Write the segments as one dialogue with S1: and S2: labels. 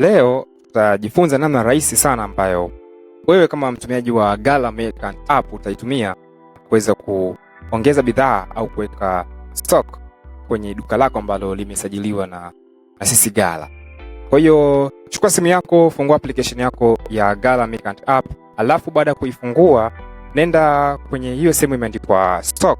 S1: Leo tutajifunza namna rahisi sana ambayo wewe kama mtumiaji wa gala Merchant app utaitumia kuweza kuongeza bidhaa au kuweka stock kwenye duka lako ambalo limesajiliwa na sisi Gala. Kwa hiyo chukua simu yako, fungua application yako ya gala Merchant app, alafu baada ya kuifungua nenda kwenye hiyo sehemu imeandikwa stock.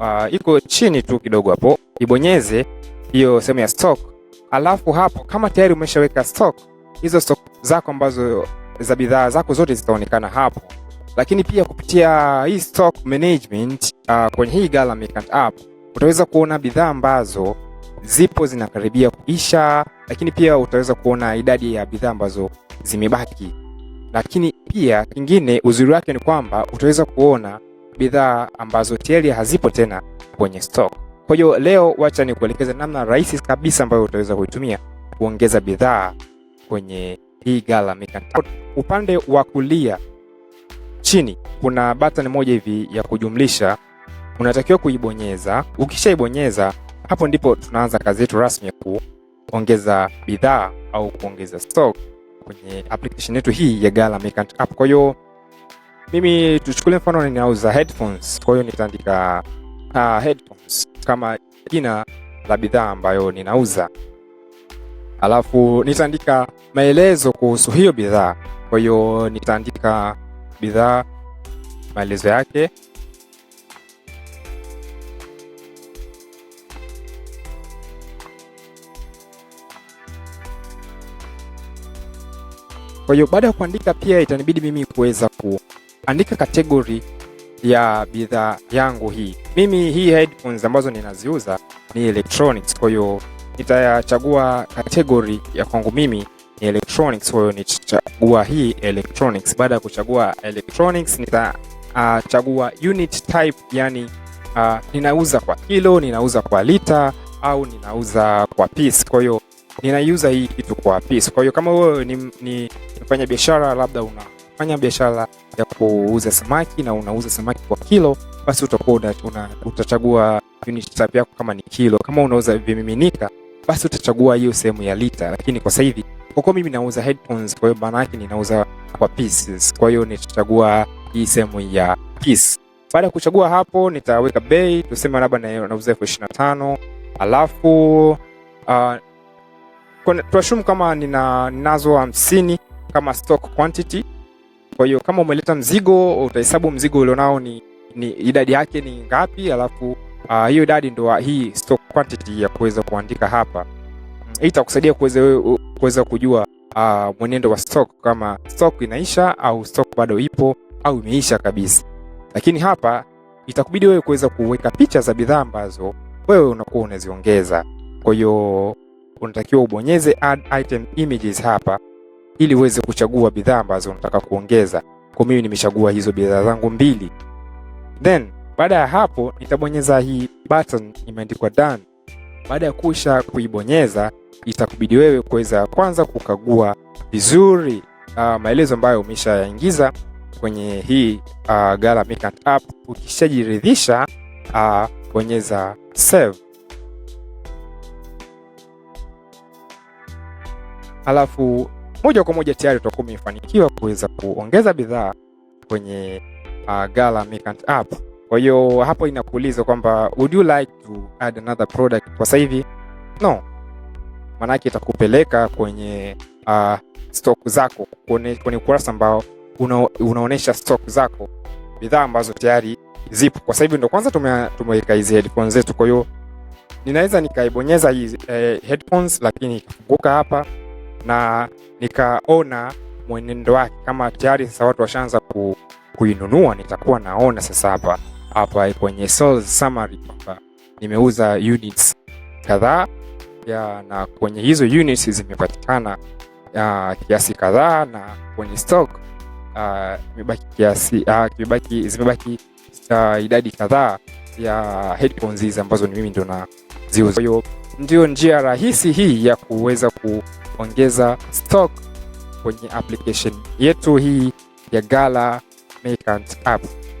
S1: Uh, iko chini tu kidogo hapo, ibonyeze hiyo sehemu ya stock Alafu hapo kama tayari umeshaweka stock, hizo stock zako ambazo za bidhaa zako zote zitaonekana hapo. Lakini pia kupitia hii stock management uh, kwenye hii gala app utaweza kuona bidhaa ambazo zipo zinakaribia kuisha, lakini pia utaweza kuona idadi ya bidhaa ambazo zimebaki. Lakini pia kingine, uzuri wake ni kwamba utaweza kuona bidhaa ambazo tayari hazipo tena kwenye stock. Kwa hiyo leo wacha ni kuelekeza namna rahisi kabisa ambayo utaweza kuitumia kuongeza bidhaa kwenye hii gala Mika. Upande wa kulia chini kuna button moja hivi ya kujumlisha, unatakiwa kuibonyeza. Ukishaibonyeza hapo ndipo tunaanza kazi yetu rasmi ya kuongeza bidhaa au kuongeza stock kwenye application yetu hii ya Gala Merchant App. Kwa hiyo mimi tuchukulie mfano ninauza headphones, kwa hiyo nitaandika uh, headphones kama jina la bidhaa ambayo ninauza, alafu nitaandika maelezo kuhusu hiyo bidhaa. Kwa hiyo nitaandika bidhaa, maelezo yake Kwa hiyo baada ya kuandika pia itanibidi mimi kuweza kuandika kategori ya bidhaa yangu hii. Mimi hii headphones ambazo ninaziuza ni electronics, kwa hiyo nitayachagua category ya kwangu mimi ni electronics, kwa hiyo nitachagua hii electronics. Baada ya kuchagua electronics, nitachagua uh, unit type, yani uh, ninauza kwa kilo, ninauza kwa lita au ninauza kwa piece. Kwa hiyo ninaiuza hii kitu kwa piece. Kwa hiyo kama wewe ni, ni mfanya biashara labda una fanya biashara ya kuuza samaki na unauza samaki kwa kilo, basi utakuwa utachagua unit type yako kama ni kilo. Kama unauza vimiminika, basi utachagua hiyo sehemu ya lita. Lakini kwa sasa hivi kwa kuwa mimi nauza headphones, kwa hiyo maana yake ninauza kwa pieces, kwa hiyo nitachagua hii sehemu ya piece. Baada ya kuchagua hapo, nitaweka bei, tuseme labda nauza elfu ishirini na tano alafu uh, ah, tuashumu kama nina, ninazo hamsini kama stock quantity kwa hiyo kama umeleta mzigo, utahesabu mzigo ulionao ni, ni idadi yake ni ngapi, alafu uh, hiyo idadi ndo hii stock quantity ya kuweza kuandika hapa. Mm, hii itakusaidia kuweza kuweza kujua uh, mwenendo wa stock kama stock inaisha au stock bado ipo au imeisha kabisa. Lakini hapa itakubidi wewe kuweza kuweka picha za bidhaa ambazo wewe unakuwa unaziongeza. Kwa hiyo unatakiwa ubonyeze add item images hapa ili uweze kuchagua bidhaa ambazo unataka kuongeza. Kwa mimi nimechagua hizo bidhaa zangu mbili, then baada ya hapo nitabonyeza hii button imeandikwa done. Baada ya kusha kuibonyeza, itakubidi wewe kuweza kwanza kukagua vizuri uh, maelezo ambayo umeshayaingiza kwenye hii uh, Gala Merchant app. Ukishajiridhisha uh, bonyeza save, alafu moja kwa moja tayari utakuwa umefanikiwa kuweza kuongeza bidhaa kwenye uh, Gala Merchant app. Kwa hiyo hapo inakuuliza kwamba would you like to add another product kwa sasa hivi? No, maanake itakupeleka kwenye uh, stock zako kwenye ukurasa ambao una, unaonesha stock zako bidhaa ambazo tayari zipo kwa sasa hivi. Ndo kwanza tumeweka hizi headphones zetu, kwa hiyo ninaweza nikaibonyeza hizi eh, headphones, lakini ikafunguka hapa na nikaona mwenendo wake kama tayari sasa watu washaanza ku, kuinunua, nitakuwa naona sasa hapa hapa kwenye sales summary kwamba nimeuza units kadhaa ya, na kwenye hizo units zimepatikana uh, kiasi kadhaa na kwenye stock imebaki kiasi uh, zimebaki uh, idadi kadhaa ya headphones hizi ambazo ni mimi ndo naziuza. Kwa hiyo ndio njia rahisi hii ya kuweza ku ongeza stock kwenye application yetu hii ya gala Merchant app.